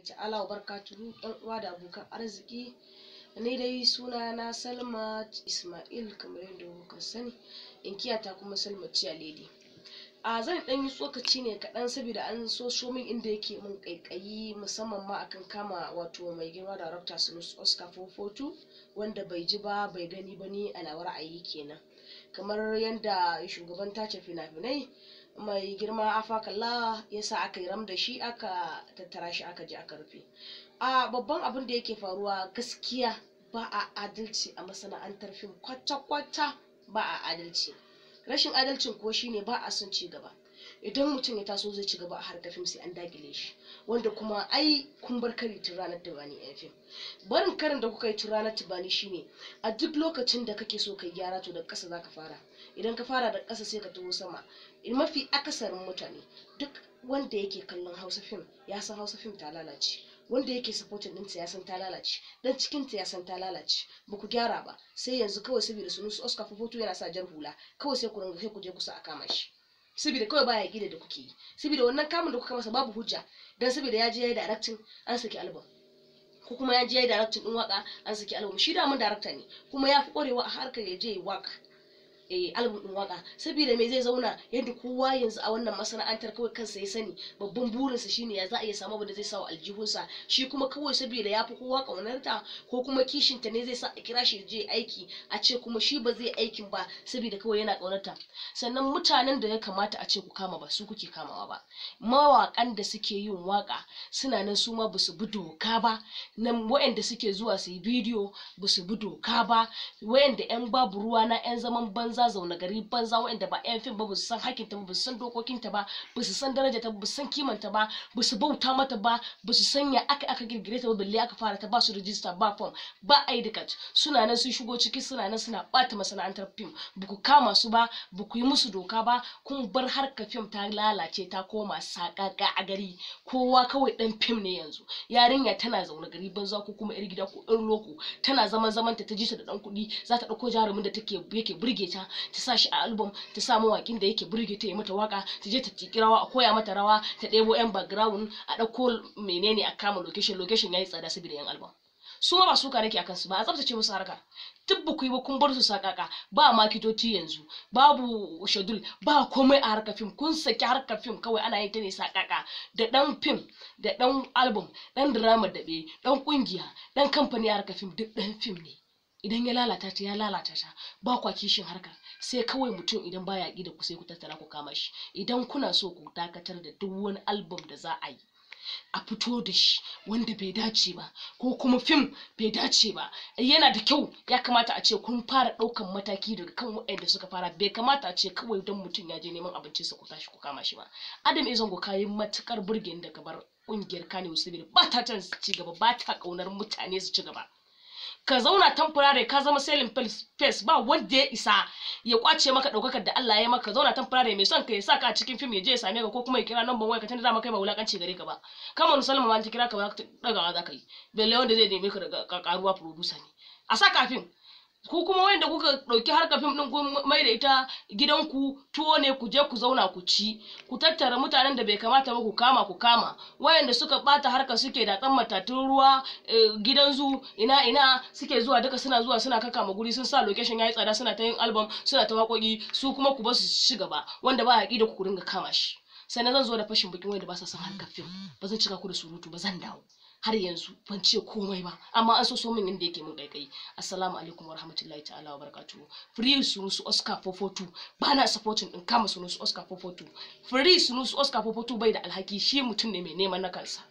warahmatullahi ta'ala barka barakatuhu ɗan uwa da abokan arziki ni dai suna na Salma Ismail kamar yadda kuka sani ta kuma Salma a Lady a zan dan yi tsokaci ne kaɗan saboda an so so min inda yake mun ƙaiƙayi musamman ma akan kama wato mai girma da Rabta Sunus Oscar 442 wanda bai ji ba bai gani ba ni a ra'ayi kenan kamar yadda shugaban tace fina-finai mai girma afakalla ya sa aka yi ram da shi aka tattara shi aka ji, aka rufe a babban abin da yake faruwa gaskiya ba a adalci a masana'antar fim kwata-kwata ba a adalci rashin adalcin ko shine ba a son ci gaba idan mutum ya taso zai ci gaba a harkar fim sai an dakile shi wanda kuma ai kun bar kari tun ranar da bani yan fim barin karin da kuka yi tun ranar shi ne a duk lokacin da kake so kai gyara to da ƙasa ka fara idan ka fara da ƙasa sai ka taho sama mafi akasarin mutane duk wanda yake kallon hausa fim ya san hausa fim ta lalace wanda yake supporting ɗinta ya san ta lalace dan cikin ta ya san ta lalace ba ku gyara ba sai yanzu kawai saboda sunusu oscar fofoto yana sa jar hula kawai sai ku ringa kai ku je kusa a kama shi saboda kawai baya gida da kuke yi saboda wannan kamun da kuka masa babu hujja dan saboda ya je ya yi directing an saki album ko kuma ya je ya yi directing din waka an saki album shi da mun ne kuma ya fi korewa a harkar ya je ya waka Eh, album din waka saboda me zai zauna yadda kowa yanzu a wannan masana'antar kawai kansa ya sani babban burinsa shine ya za a iya samu abin da zai sa wa aljihunsa shi kuma kawai saboda ya fi kowa kaunarta ko kuma kishinta ne zai sa a kira shi je aiki a ce kuma shi ba zai aikin ba saboda kawai yana kaunarta sannan mutanen da ya kamata a ce ku kama ba su kuke kamawa ba mawakan da suke yin waka suna nan su ma basu bi doka ba nan waɗanda suke zuwa su yi bidiyo basu bi doka ba waɗanda yan babu ruwa na yan zaman banza banza gari banza waɗanda ba 'yan fim ba ba su san hakinta ba su san dokokinta ba ba su san ta ba su san kimanta ba ba su bauta mata ba ba su sanya aka aka girgire ta ba balle aka fara ta ba su rijista ba form ba ID card suna nan sun shigo ciki suna nan suna ɓata masana'antar fim ba ku kama su ba ba ku yi musu doka ba kun bar harka fim ta lalace ta koma saƙaƙa a gari kowa kawai ɗan fim ne yanzu yarinya tana zaune gari banza ko kuma 'yar gida ko 'yar loko tana zaman zamanta ta ji ta da ɗan kuɗi za ta ɗauko jarumin da take yake burge ta ta sa shi a album ta sa wakin da yake burge ta yi mata waka ta je ta tiki rawa a koya mata rawa ta ɗebo yan background a ɗauko menene a kama location location yayi tsada saboda yan album su ma ba suka nake akan su ba a tsaftace musu harkar tubba ku yi ba kun bar su sakaka ba makitoci yanzu babu shadul ba komai a harka fim kun saki harkar fim kawai ana yin ta ne sakaka da dan fim da dan album dan drama daɓe dan ƙungiya dan kamfani a harkar fim duk dan fim ne idan ya lalata ta ya lalata ta ba kwa kishin harkar sai kawai mutum idan baya yaƙi da ku sai ku tattara ku kama shi idan kuna so ku dakatar da duk wani album da za a yi a fito da shi wanda bai dace ba ko kuma fim bai dace ba yana da kyau ya kamata a ce kun fara ɗaukan mataki daga kan waɗanda suka fara bai kamata a ce kawai don mutum ya je neman abinci sa ku tashi ku kama shi ba adam izango kayi matukar burgen da bar ƙungiyar kanewa sabida ba ta ci gaba ba ta ƙaunar mutane su ci gaba ka zauna temporary ka zama selling face ba wanda ya isa ya kwace maka daukakar da Allah ya maka ka zauna temporary mai son ka ya saka a cikin film ya je ya same ka ko kuma ya kira number waya ka tana dama kai ba wulakanci gare ka ba kamar musulma ma ta kira ka ba dagawa za ka yi belle wanda zai nemi ka daga karuwa producer ne a saka kafin ku kuma wayanda kuka ɗauki harka fim ɗin kun mai da ita gidanku tuwo ne ku je ku zauna ku ci ku tattara mutanen da bai kamata ba ku kama ku kama wayanda suka bata harka suke da ɗan matatun ruwa eh, gidan zu ina ina suke zuwa duka suna zuwa suna kakama guri sun sa location yayi tsada suna ta yin album suna ta waƙoƙi su kuma ku ba su ci gaba wanda ba haƙi da ku ku dinga kama shi sannan zan zo da fashin bikin wanda ba sa son harkar fim ba zan cika ku da surutu ba zan dawo har yanzu ban ce komai ba amma an so so min inda yake mun kaikai assalamu alaikum wa rahmatullahi ta'ala wa barakatuhu free su oscar 442 bana supporting din kama su oscar 442 free sunusu oscar 442 bai da alhaki shi mutum ne mai neman na kansa